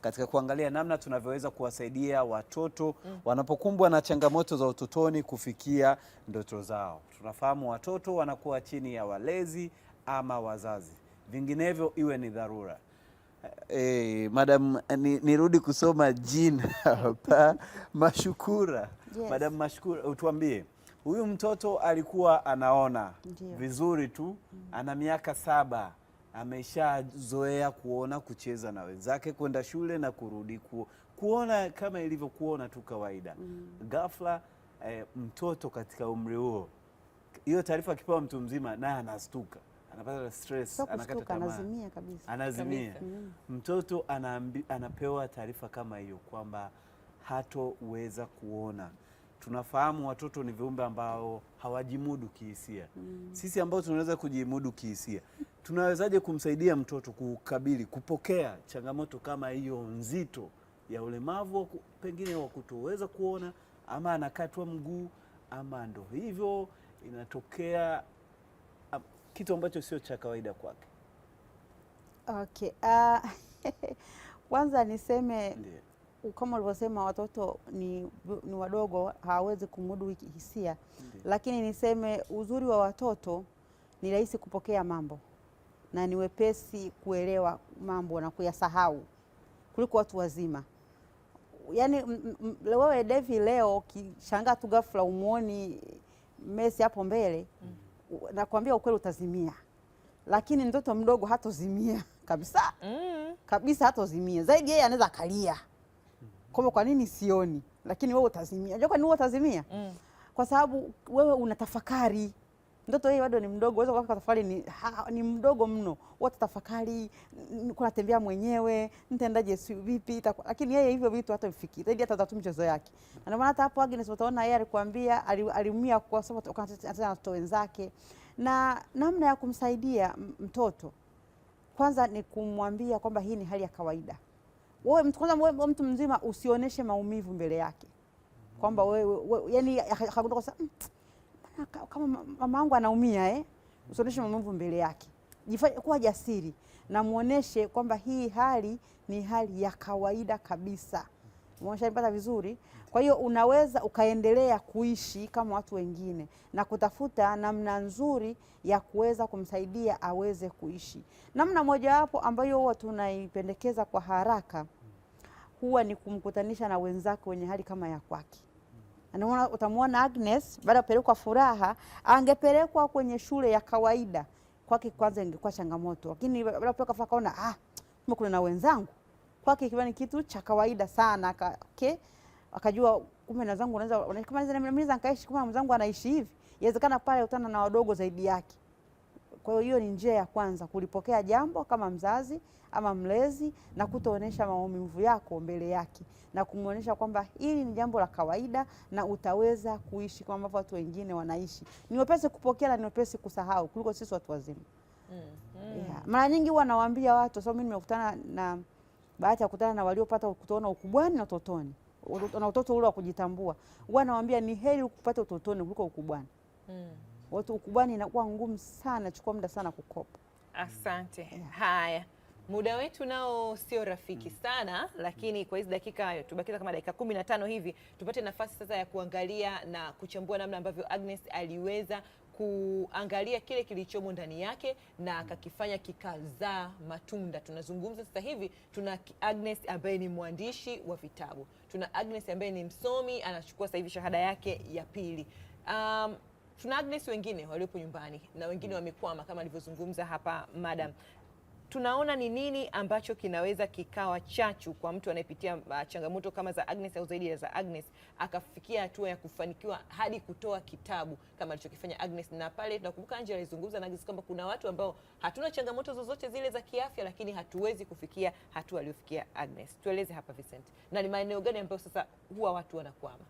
katika kuangalia namna tunavyoweza kuwasaidia watoto mm. wanapokumbwa na changamoto za utotoni kufikia ndoto zao. Tunafahamu watoto wanakuwa chini ya walezi ama wazazi, vinginevyo iwe ni dharura. Hey, eh, eh, madam ni, nirudi kusoma jina hapa Mashukura. Yes. Madam Mashukura, utuambie huyu mtoto alikuwa anaona Ndiyo. vizuri tu, mm. ana miaka saba ameshazoea kuona kucheza na wenzake kwenda shule na kurudi ku, kuona kama ilivyokuona tu kawaida mm. Ghafla e, mtoto katika umri huo, hiyo taarifa akipewa mtu mzima, naye anastuka, anapata stress, so anakata tamaa, anazimia kabisa, anazimia mm. Mtoto anambi, anapewa taarifa kama hiyo kwamba hatoweza kuona tunafahamu watoto ni viumbe ambao hawajimudu kihisia mm. Sisi ambao tunaweza kujimudu kihisia, tunawezaje kumsaidia mtoto kukabili, kupokea changamoto kama hiyo nzito ya ulemavu pengine wa kutoweza kuona, ama anakatwa mguu, ama ndo hivyo inatokea kitu ambacho sio cha kawaida kwake? Okay, ah, kwanza niseme Ndiye kama ulivyosema watoto ni, ni wadogo, hawawezi kumudu hisia Lakini niseme uzuri wa watoto ni rahisi kupokea mambo na ni wepesi kuelewa mambo na kuyasahau kuliko watu wazima. Yaani wewe Devi leo ukishangaa tu ghafla umwoni Messi hapo mbele mm Nakwambia ukweli utazimia, lakini mtoto mdogo hatozimia kabisa mm Kabisa hatozimia zaidi, yeye anaweza akalia kwamba kwa nini sioni, lakini wewe utazimia. Unajua kwa nini utazimia? Mm. Kwa sababu wewe unatafakari ndoto hii bado ni mdogo, uwezo wako tafakari ni, ha, ni mdogo mno. Watu tafakari, kuna tembea mwenyewe, nitaendaje, si vipi? Lakini yeye hivyo vitu hata mfikiri zaidi, hata tatu mchezo yake. Na maana hata hapo Agnes utaona yeye alikwambia, aliumia kwa sababu anataka watoto wenzake, na namna ya kumsaidia mtoto kwanza ni kumwambia kwamba hii ni hali ya kawaida wewe mtu kwanza, wewe mtu mzima usionyeshe maumivu mbele yake kwamba wewe yani akagundua kwa sababu mm, kama mama yangu anaumia eh, usionyeshe maumivu mbele yake. Jifanye kuwa jasiri na muoneshe kwamba hii hali ni hali ya kawaida kabisa umeshanipata vizuri. Kwa hiyo unaweza ukaendelea kuishi kama watu wengine na kutafuta namna nzuri ya kuweza kumsaidia aweze kuishi. Namna mojawapo ambayo huwa tunaipendekeza kwa haraka huwa ni kumkutanisha na wenzake wenye hali kama ya kwake. Anaona, utamwona Agnes baada ya kupelekwa Furaha, angepelekwa kwenye shule ya kawaida kwake, kwanza ingekuwa changamoto, lakini baada ya kupelekwa Furaha kaona ah, kuna na wenzangu kwake ikiwa ni kitu cha kawaida sana ka, okay, akajua kumbe na zangu anaweza kama naweza nikaishi kama mwenzangu anaishi hivi, inawezekana pale utana na wadogo zaidi yake. Kwa hiyo hiyo ni njia ya kwanza, kulipokea jambo kama mzazi ama mlezi na kutoonesha maumivu yako mbele yake na kumuonesha kwamba hili ni jambo la kawaida na utaweza kuishi kama ambavyo watu wengine wanaishi. Ni wepesi kupokea na ni wepesi kusahau kuliko sisi watu wazima. Mm, mm. Yeah. Mara nyingi huwa nawaambia watu, sababu so mimi nimekutana na, na bahati ya kukutana na waliopata kutoona ukubwani na utotoni na utoto ule wa kujitambua, huwa nawaambia ni heri kupata utotoni kuliko ukubwani. Mm. Watu ukubwani inakuwa ngumu sana, chukua muda sana kukopa. Asante. Yeah. Haya, muda wetu nao sio rafiki mm. sana, lakini kwa hizi dakika hayo tubakiza kama dakika kumi na tano hivi tupate nafasi sasa ya kuangalia na kuchambua namna ambavyo Agnes aliweza kuangalia kile kilichomo ndani yake na akakifanya kikazaa matunda. Tunazungumza sasa hivi, tuna Agnes ambaye ni mwandishi wa vitabu, tuna Agnes ambaye ni msomi, anachukua sasa hivi shahada yake ya pili. Um, tuna Agnes wengine waliopo nyumbani na wengine mm. wamekwama kama alivyozungumza hapa madam tunaona ni nini ambacho kinaweza kikawa chachu kwa mtu anayepitia uh, changamoto kama za Agnes au zaidi ya za Agnes, akafikia hatua ya kufanikiwa hadi kutoa kitabu kama alichokifanya Agnes. Na pale tunakumbuka Angela alizungumza na Agnes kwamba kuna watu ambao hatuna changamoto zozote zile za kiafya, lakini hatuwezi kufikia hatua aliyofikia Agnes. Tueleze hapa Vincent, na ni maeneo gani ambayo sasa huwa watu wanakwama?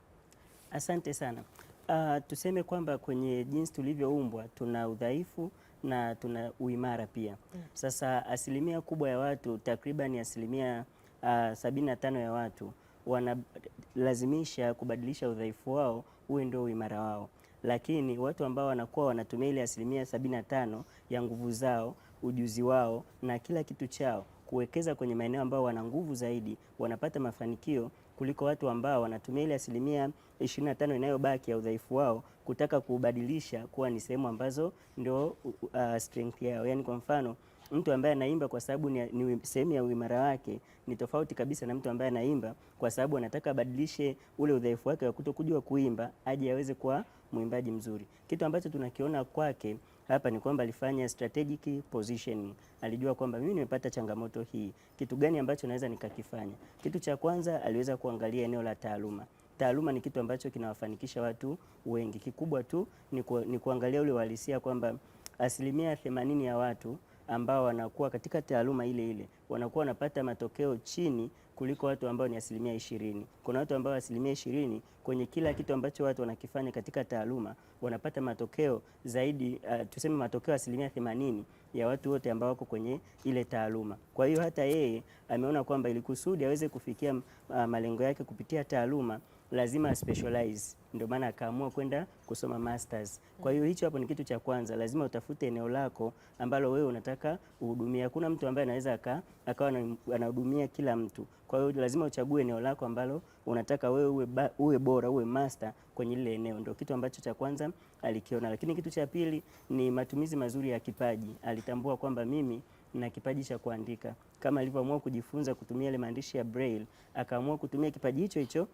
Asante sana. Uh, tuseme kwamba kwenye jinsi tulivyoumbwa tuna udhaifu na tuna uimara pia. Mm. Sasa asilimia kubwa ya watu takriban asilimia uh, sabini na tano ya watu wanalazimisha kubadilisha udhaifu wao uwe ndio uimara wao, lakini watu ambao wanakuwa wanatumia ile asilimia sabini na tano ya nguvu zao, ujuzi wao na kila kitu chao kuwekeza kwenye maeneo ambao wana nguvu zaidi wanapata mafanikio kuliko watu ambao wanatumia ile asilimia 25 inayobaki ya udhaifu wao kutaka kubadilisha kuwa ni sehemu ambazo ndio uh, strength yao. Yani kwa mfano mtu ambaye anaimba kwa sababu ni, ni sehemu ya uimara wake ni tofauti kabisa na mtu ambaye anaimba kwa sababu anataka abadilishe ule udhaifu wake wa kutokujua kuimba aje aweze kuwa mwimbaji mzuri. Kitu ambacho tunakiona kwake hapa ni kwamba alifanya strategic positioning. Alijua kwamba mimi nimepata changamoto hii, kitu gani ambacho naweza nikakifanya? Kitu cha kwanza aliweza kuangalia eneo la taaluma taaluma ni kitu ambacho kinawafanikisha watu wengi. Kikubwa tu ni, ku, ni kuangalia ule uhalisia kwamba asilimia themanini ya watu ambao wanakuwa katika taaluma ile ile wanakuwa wanapata matokeo chini kuliko watu ambao ni asilimia ishirini. Kuna watu ambao asilimia ishirini kwenye kila kitu ambacho watu wanakifanya katika taaluma wanapata matokeo zaidi, uh, tuseme matokeo asilimia themanini ya watu wote ambao wako kwenye ile taaluma. Kwa hiyo hata yeye ameona kwamba ili kusudi aweze kufikia uh, malengo yake kupitia taaluma lazima specialize, ndio maana akaamua kwenda kusoma masters. Kwa hiyo hicho hapo ni kitu cha kwanza, lazima utafute eneo lako ambalo wewe unataka uhudumia. Hakuna mtu ambaye anaweza akawa anahudumia kila mtu, kwa hiyo lazima uchague eneo lako ambalo unataka wewe uwe, ba, uwe bora uwe master kwenye lile eneo. Ndio kitu ambacho cha kwanza alikiona, lakini kitu cha pili ni matumizi mazuri ya kipaji. Alitambua kwamba mimi na kipaji cha kuandika kama alivyoamua kujifunza kutumia ile maandishi ya braille, akaamua kutumia kipaji hicho hicho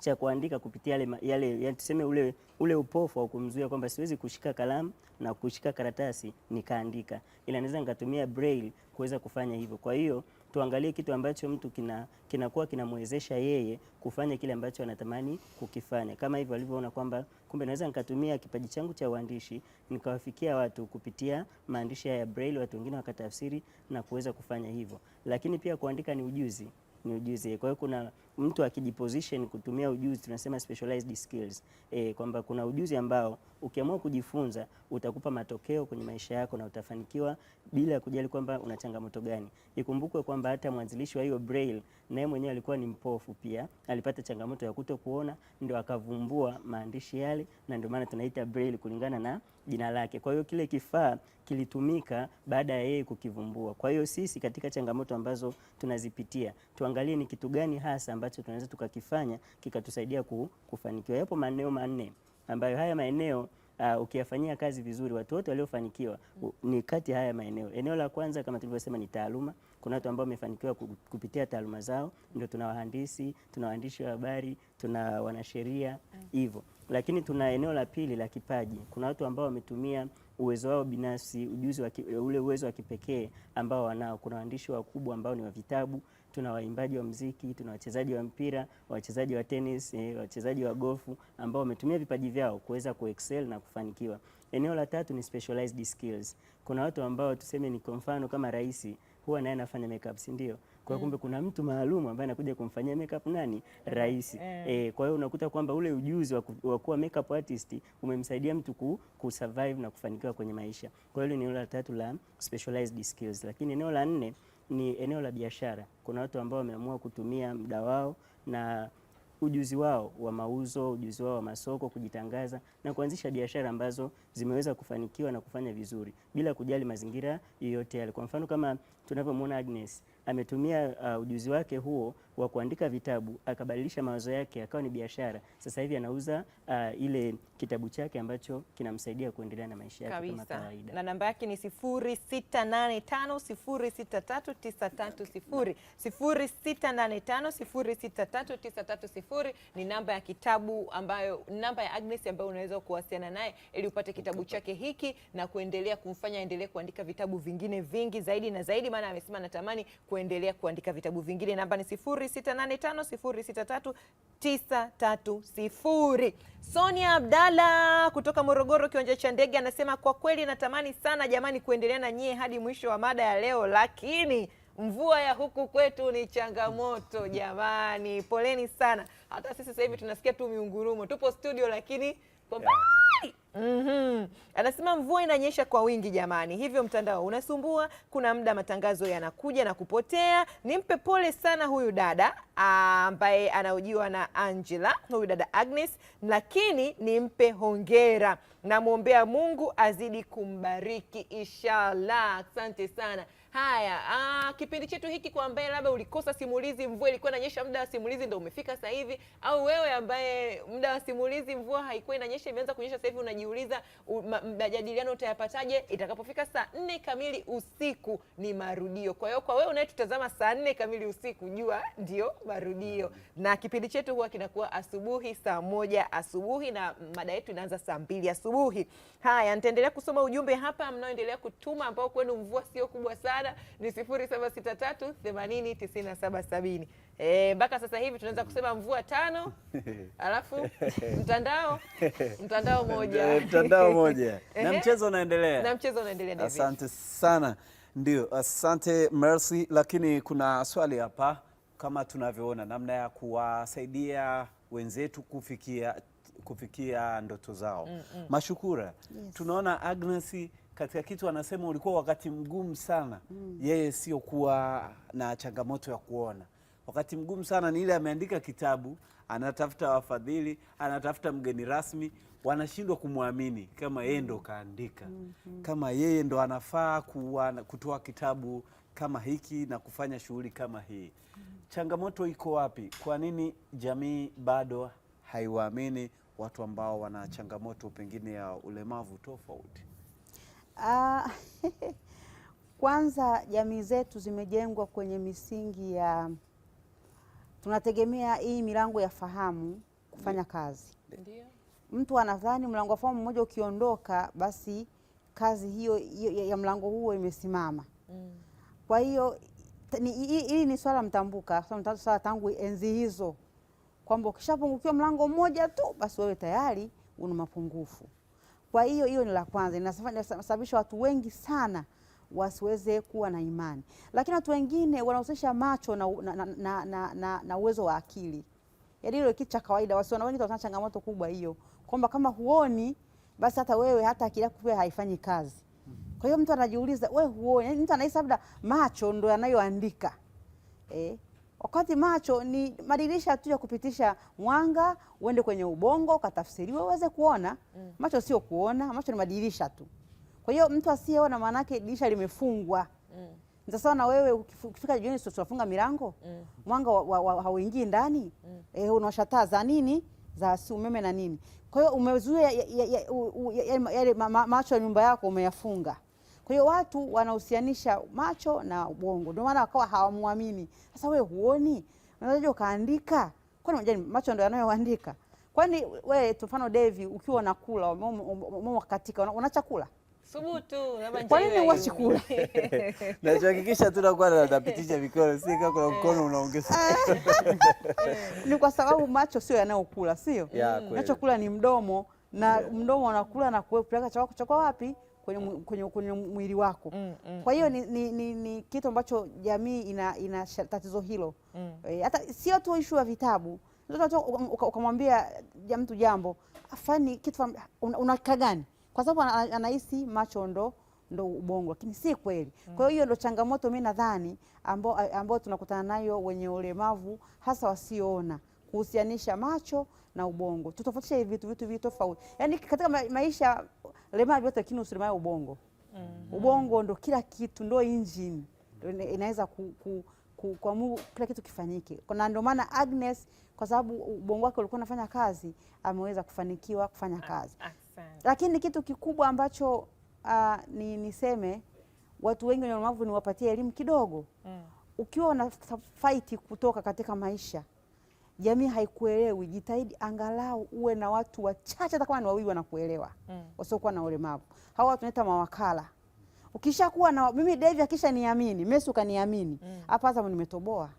cha kuandika kupitia yale, yale tuseme ule, ule upofu wa kumzuia kwamba siwezi kushika kalamu na kushika karatasi nikaandika, ila naweza nikatumia braille kuweza kufanya hivyo. Kwa hiyo tuangalie kitu ambacho mtu kina kinakuwa kinamwezesha yeye kufanya kile ambacho anatamani kukifanya, kama hivyo alivyoona kwamba kumbe naweza nikatumia kipaji changu cha uandishi nikawafikia watu kupitia maandishi ya braille, watu wengine wakatafsiri na kuweza kufanya hivyo. Lakini pia kuandika ni ujuzi, ni ujuzi. Kwa hiyo kuna mtu akijiposition kutumia ujuzi tunasema specialized skills e, kwamba kuna ujuzi ambao ukiamua kujifunza utakupa matokeo kwenye maisha yako na utafanikiwa bila kujali kwamba una changamoto gani. Ikumbukwe kwamba hata mwanzilishi wa hiyo braille naye mwenyewe alikuwa ni mpofu pia, alipata changamoto ya kuto kuona, ndio akavumbua maandishi yale, na ndio maana tunaita braille kulingana na jina lake. Kwa hiyo kile kifaa kilitumika baada ya yeye kukivumbua. Kwa hiyo sisi katika changamoto ambazo tunazipitia tuangalie ni kitu gani hasa ambacho tunaweza tukakifanya kikatusaidia kufanikiwa. Yapo maeneo manne ambayo haya maeneo Uh, ukiyafanyia kazi vizuri watu wote waliofanikiwa ni kati ya haya maeneo. Eneo la kwanza kama tulivyosema ni taaluma. Kuna watu ambao wamefanikiwa kupitia taaluma zao, ndio tuna wahandisi, tuna waandishi wa habari, tuna wanasheria hivyo mm. Lakini tuna eneo la pili la kipaji. Kuna watu ambao wametumia uwezo wao binafsi, ujuzi wa ki, ule uwezo wa kipekee ambao wanao. Kuna waandishi wakubwa ambao ni wa vitabu tuna waimbaji wa mziki, tuna wachezaji wa mpira, wachezaji wa tenis, eh, wachezaji wa gofu ambao wametumia vipaji vyao kuweza kuexcel na kufanikiwa. Eneo la tatu ni specialized skills. Kuna watu ambao tuseme ni kwa mfano kama rais huwa naye anafanya makeup, si ndio? Kwa kumbe kuna mtu maalum ambaye anakuja kumfanyia makeup nani? Rais. Eh, E, kwa hiyo unakuta kwamba ule ujuzi wa kuwa makeup artist umemsaidia mtu ku, ku survive na kufanikiwa kwenye maisha. Kwa hiyo ni eneo la tatu la specialized skills. Lakini eneo la nne ni eneo la biashara. Kuna watu ambao wameamua kutumia muda wao na ujuzi wao wa mauzo, ujuzi wao wa masoko, kujitangaza na kuanzisha biashara ambazo zimeweza kufanikiwa na kufanya vizuri bila kujali mazingira yoyote yale. Kwa mfano kama tunavyomwona Agnes ametumia uh, ujuzi wake huo wa kuandika vitabu akabadilisha mawazo yake akawa ni biashara. Sasa hivi anauza uh, ile kitabu chake ambacho kinamsaidia kuendelea na maisha yake kama kawaida. Na namba yake ni 0685063930 0685063930 ni namba ya kitabu ambayo namba ya Agnes ambayo unaweza kuwasiliana naye ili upate kitabu chake hiki na kuendelea kumfanya aendelee kuandika vitabu vingine vingi zaidi na zaidi, maana amesema anatamani kuendelea kuandika vitabu vingine. Namba ni sifuri 0685063930. Sonia Abdalla kutoka Morogoro, kiwanja cha ndege, anasema kwa kweli natamani sana jamani kuendelea na nyie hadi mwisho wa mada ya leo, lakini mvua ya huku kwetu ni changamoto jamani. Poleni sana, hata sisi sasa hivi tunasikia tu miungurumo, tupo studio lakini yeah. Mm -hmm. Anasema mvua inanyesha kwa wingi jamani, hivyo mtandao unasumbua. Kuna muda matangazo yanakuja na kupotea. Nimpe pole sana huyu dada ambaye anaojiwa na Angela, huyu dada Agnes, lakini nimpe hongera, namwombea Mungu azidi kumbariki inshallah. Asante sana. Haya, aa, ah, kipindi chetu hiki kwa ambaye labda ulikosa simulizi, mvua ilikuwa inanyesha, muda wa simulizi ndio umefika sasa hivi, au wewe ambaye muda wa simulizi mvua haikuwa inanyesha, imeanza kunyesha sasa hivi, unajiuliza majadiliano utayapataje? Itakapofika saa nne kamili usiku ni marudio. Kwa hiyo kwa wewe unayetutazama saa nne kamili usiku, jua ndio marudio, na kipindi chetu huwa kinakuwa asubuhi saa moja asubuhi na mada yetu inaanza saa mbili asubuhi. Haya, nitaendelea kusoma ujumbe hapa mnaoendelea kutuma, ambao kwenu mvua sio kubwa sana sana ni 0763 Eh, mpaka sasa hivi tunaweza kusema mvua tano, alafu mtandao mtandao moja eh, mtandao moja na mchezo unaendelea na mchezo unaendelea. Asante sana, ndio asante Mercy, lakini kuna swali hapa kama tunavyoona namna ya kuwasaidia wenzetu kufikia kufikia ndoto zao. Mm -mm. Mashukura. Yes. Tunaona Agnes katika kitu anasema ulikuwa wakati mgumu sana mm. Yeye sio kuwa na changamoto ya kuona wakati mgumu sana ni ile ameandika kitabu, anatafuta wafadhili, anatafuta mgeni rasmi, wanashindwa kumwamini kama yeye ndo kaandika mm -hmm. kama yeye ndo anafaa kutoa kitabu kama hiki na kufanya shughuli kama hii mm -hmm. Changamoto iko wapi? Kwa nini jamii bado haiwaamini watu ambao wana changamoto pengine ya ulemavu tofauti? Ah, kwanza jamii zetu zimejengwa kwenye misingi ya tunategemea hii milango ya fahamu kufanya kazi. Ndiyo. Mtu anadhani mlango wa fahamu mmoja ukiondoka basi kazi hiyo, hiyo ya mlango huo imesimama. Mm. Kwa hiyo hili ni swala mtambuka swala tangu enzi hizo kwamba ukishapungukiwa mlango mmoja tu basi wewe tayari una mapungufu. Kwa hiyo hiyo ni la kwanza, inasababisha watu wengi sana wasiweze kuwa na imani, lakini watu wengine wanahusisha macho na, na, na, na, na, na, na uwezo wa akili. Yaani ile kitu cha kawaida, wasiona wengi tuna changamoto kubwa hiyo, kwamba kama huoni basi hata wewe hata akili yako pia haifanyi kazi. Kwa hiyo mtu anajiuliza, wewe huoni? Yaani mtu anahisi labda macho ndio yanayoandika eh. Wakati macho ni madirisha tu ya kupitisha mwanga uende kwenye ubongo ukatafsiriwe uweze kuona. Mm. Macho sio kuona, macho ni madirisha tu. Kwa hiyo mtu asiyeona maana yake dirisha limefungwa. Mm. Sasa na wewe ukifika jioni sio tunafunga milango? Mm. Mwanga hauingii ndani. Mm. Eh, unawasha taa za nini? Za si umeme na nini. Kwa hiyo umezuia yale macho ya nyumba yako umeyafunga. Kwa hiyo watu wanahusianisha macho na ubongo, ndio maana wakawa hawamwamini. Sasa wewe huoni, unaweza ukaandika? Kwani majani macho ndio yanayoandika? Kwani wewe mfano Devi, ukiwa unakula umeuma katika una chakula Subutu, kwa nini uwachi kula? Nachohakikisha tunakuwa napitisha mikono, si kama kuna mkono unaongeza. Ni kwa sababu macho sio yanayokula, sio? Nachokula ni mdomo na mdomo unakula na kupeleka chakula wapi? kwenye, kwenye, kwenye mwili wako mm, mm, kwa hiyo mm. ni, ni, ni, ni kitu ambacho jamii ina, ina tatizo hilo mm. E, eh, sio tu ishu ya vitabu mtoto um, ukamwambia uka mtu jambo afani kitu unakaa gani, kwa sababu anahisi macho ndo ndo ubongo, lakini si kweli. Kwa hiyo mm. hiyo ndo changamoto mimi nadhani ambao ambao tunakutana nayo wenye ulemavu hasa wasioona, kuhusianisha macho na ubongo. Tutofautisha hivi vitu vitu tofauti, yaani katika maisha lemavu yote lakini usilemao ubongo. mm -hmm. Ubongo ndo kila kitu, ndo injini inaweza ku, ku, ku, kuamua kila kitu kifanyike, na ndio maana Agnes kwa sababu ubongo wake ulikuwa unafanya kazi ameweza kufanikiwa kufanya ah, kazi. Lakini kitu kikubwa ambacho uh, ni niseme watu wengi wenye ulemavu niwapatie elimu kidogo. mm. Ukiwa una faiti kutoka katika maisha jamii haikuelewi, jitahidi angalau uwe na watu wachache, hata kama ni wawili wanakuelewa, mm. wasiokuwa na ulemavu. Hawa tunaita mawakala. Ukishakuwa na mimi Devi akisha niamini, Messi kaniamini, mm. hapa mm. Azam nimetoboa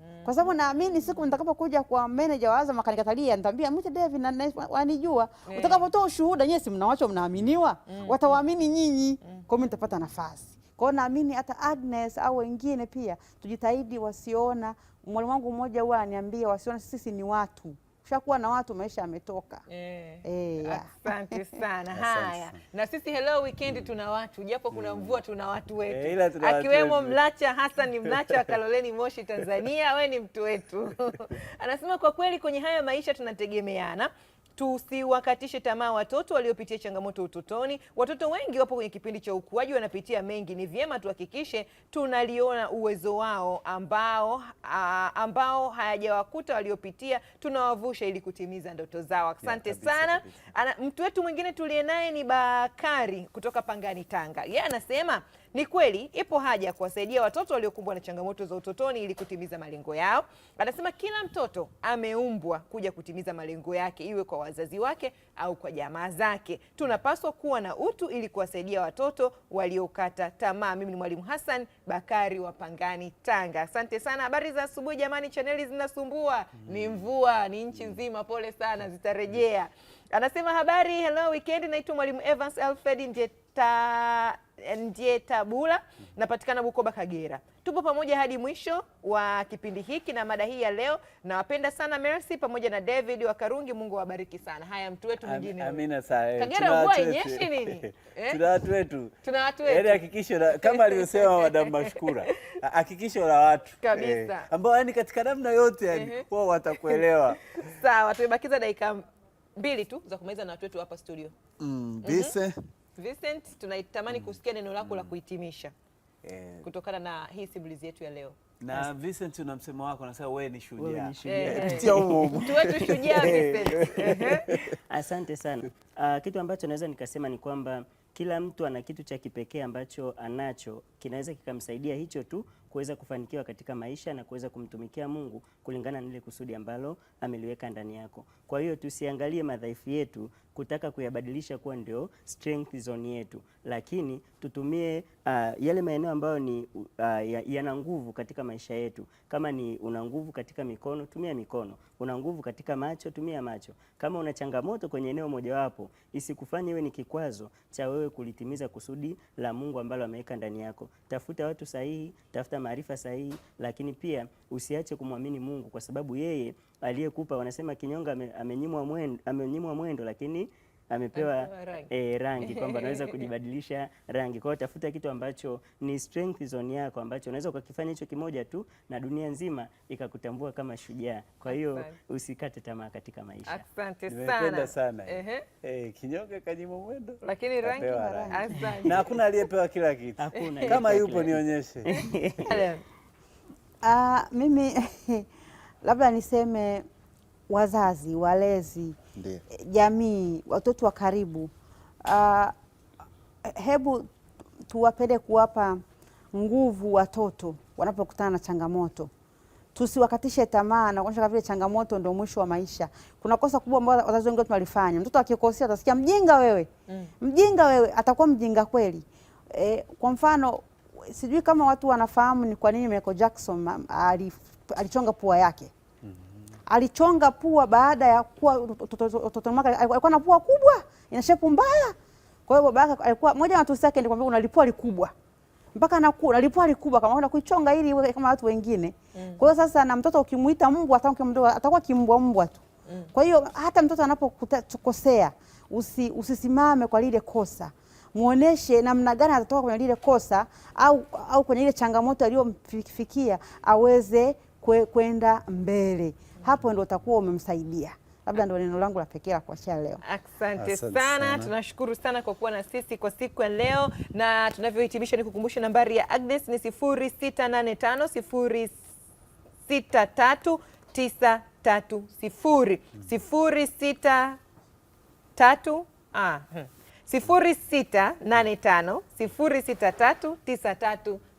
mm. kwa sababu naamini siku nitakapokuja kwa meneja wa Azam akanikatalia, nitaambia mwite Devi na wanijua. Yeah. Utakapotoa ushuhuda nyie, si mnawacho mnaaminiwa, mm. watawaamini nyinyi, mm. kwa hiyo nitapata nafasi. kwao, naamini hata Agnes au wengine pia tujitahidi wasiona mwalimu wangu mmoja huwa ananiambia wasione sisi ni watu shakuwa na watu maisha yametoka. Eh, eh, asante sana. Haya, na sisi hello weekend tuna watu japo kuna mm. mvua, tuna watu eh, wetu eh, akiwemo mlacha Mlacha Hassan Mlacha wa Kaloleni Moshi, Tanzania. We ni mtu wetu anasema kwa kweli kwenye haya maisha tunategemeana Tusiwakatishe tamaa watoto waliopitia changamoto utotoni. Watoto wengi wapo kwenye kipindi cha ukuaji, wanapitia mengi. Ni vyema tuhakikishe tunaliona uwezo wao ambao a, ambao hayajawakuta waliopitia, tunawavusha ili kutimiza ndoto zao. Asante sana. Ana, mtu wetu mwingine tuliye naye ni Bakari kutoka Pangani, Tanga. Yeye anasema ni kweli ipo haja ya kuwasaidia watoto waliokumbwa na changamoto za utotoni ili kutimiza malengo yao. Anasema kila mtoto ameumbwa kuja kutimiza malengo yake, iwe kwa wazazi wake au kwa jamaa zake. Tunapaswa kuwa na utu ili kuwasaidia watoto waliokata tamaa. Mimi ni Mwalimu Hassan Bakari wa Pangani, Tanga. Asante sana. Habari za asubuhi jamani, chaneli zinasumbua mm. Ni mvua ni nchi mm. nzima, pole sana, mm. zitarejea. Anasema habari, hello weekend, naitwa Mwalimu Evans Alfred ndiye Ndieta Bula, napatikana Bukoba, Kagera. Tupo pamoja hadi mwisho wa kipindi hiki na mada hii ya leo. Nawapenda sana Mercy pamoja na David wa Karungi, Mungu awabariki sana. Haya, mtu wetu mwingine. Amina sana. Eh, Kagera mvua inyeshi nini? Eh? Tuna watu wetu. Tuna watu eh, wetu. Yaani hakikisho kama alivyosema Madam Mashukura, hakikisho la watu. Kabisa. Ambao yani katika namna yote yani wao watakuelewa. Sawa, tumebakiza dakika mbili tu za kumaliza na watu wetu hapa studio. Mm, bise. Vincent, tunaitamani mm. kusikia neno lako mm. la kuhitimisha yeah. kutokana na hii simulizi yetu ya leo na Vincent una msemo wako unasema wewe ni shujaa. Asante sana. Uh, kitu ambacho naweza nikasema ni kwamba kila mtu ana kitu cha kipekee ambacho anacho kinaweza kikamsaidia hicho tu kuweza kufanikiwa katika maisha na kuweza kumtumikia Mungu kulingana na ile kusudi ambalo ameliweka ndani yako. Kwa hiyo tusiangalie madhaifu yetu, kutaka kuyabadilisha kuwa ndio strength zone yetu, lakini tutumie uh, yale maeneo ambayo ni uh, yana ya nguvu katika maisha yetu. Kama ni una nguvu katika mikono, tumia mikono. Una nguvu katika macho, tumia macho. Kama una changamoto kwenye eneo mojawapo, isikufanye iwe ni kikwazo cha wewe kulitimiza kusudi la Mungu ambalo ameweka ndani yako. Tafuta watu sahihi, tafuta maarifa sahihi, lakini pia usiache kumwamini Mungu kwa sababu yeye aliyekupa wanasema kinyonga amenyimwa mwendo, amenyimwa mwendo lakini amepewa rangi, e, rangi kwamba anaweza kujibadilisha rangi. Kwa hiyo tafuta kitu ambacho ni strength zone yako ambacho unaweza ukakifanya hicho kimoja tu na dunia nzima ikakutambua kama shujaa. Kwa hiyo usikate tamaa katika maisha. Asante sana. Sana. Ehe. eh, kinyonga kanyimwa mwendo lakini rangi, rangi. Na hakuna aliyepewa kila kitu. Hakuna. Kama yupo nionyeshe. Ah, mimi labda niseme wazazi, walezi, Ndiyo. jamii, watoto wa karibu uh, hebu tuwapende kuwapa nguvu watoto wanapokutana na changamoto, tusiwakatishe tamaa na kuonyesha vile changamoto ndio mwisho wa maisha. Kuna kosa kubwa ambalo wazazi wengi wetu mtoto akikosea atasikia mjinga wewe, mm. mjinga wewe, atakuwa mjinga kweli. E, kwa mfano sijui kama watu wanafahamu ni kwa nini Michael Jackson alichonga pua yake alichonga pua baada ya kuwa mtoto wake alikuwa na pua kubwa ina shepu mbaya. Kwa hiyo baba yake alikuwa moja ya watu wake nikwambia, unalipua likubwa mpaka na anakuwa unalipua likubwa kama una kuichonga ili iwe kama watu wengine mm. Kwa hiyo sasa, na mtoto ukimuita mbwa ukimdoa atakuwa kimbwa mbwa tu mm. Kwa hiyo hata mtoto anapokosea usi, usisimame kwa lile kosa, muoneshe namna gani atatoka kwenye lile kosa au, au kwenye ile changamoto aliyomfikia aweze kwenda kwe mbele hapo ndo utakuwa umemsaidia. Labda ndo neno langu la pekee la kuachia leo. Asante sana, sana. Tunashukuru sana kwa kuwa na sisi kwa siku ya leo, na tunavyohitimisha ni kukumbusha nambari ya Agnes ni 0685 063930 063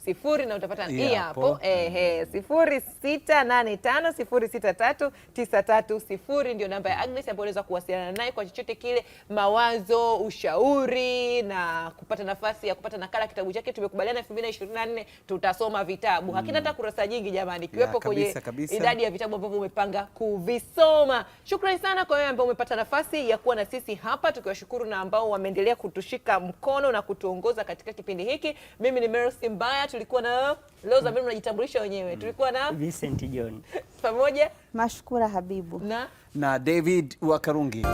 sifuri na utapata hii hapo ehe, sifuri sita nane tano sifuri sita tatu tisa tatu sifuri ndio namba ya Agnes ambayo unaweza kuwasiliana naye kwa chochote kile, mawazo, ushauri na kupata nafasi ya kupata nakala kitabu chake. Tumekubaliana 2024 tutasoma vitabu mm. Hakina hata kurasa nyingi jamani, ikiwepo kwenye idadi ya vitabu ambavyo umepanga kuvisoma. Shukrani sana kwa wewe ambao umepata nafasi ya kuwa na sisi hapa, tukiwashukuru na ambao wameendelea kutushika mkono na kutuongoza katika kipindi hiki. Mimi ni Mercy Mbaya tulikuwa na leo zamani, mnajitambulisha wenyewe. Mm. Tulikuwa na Vincent John pamoja Mashukura Habibu na na David Wakarungi.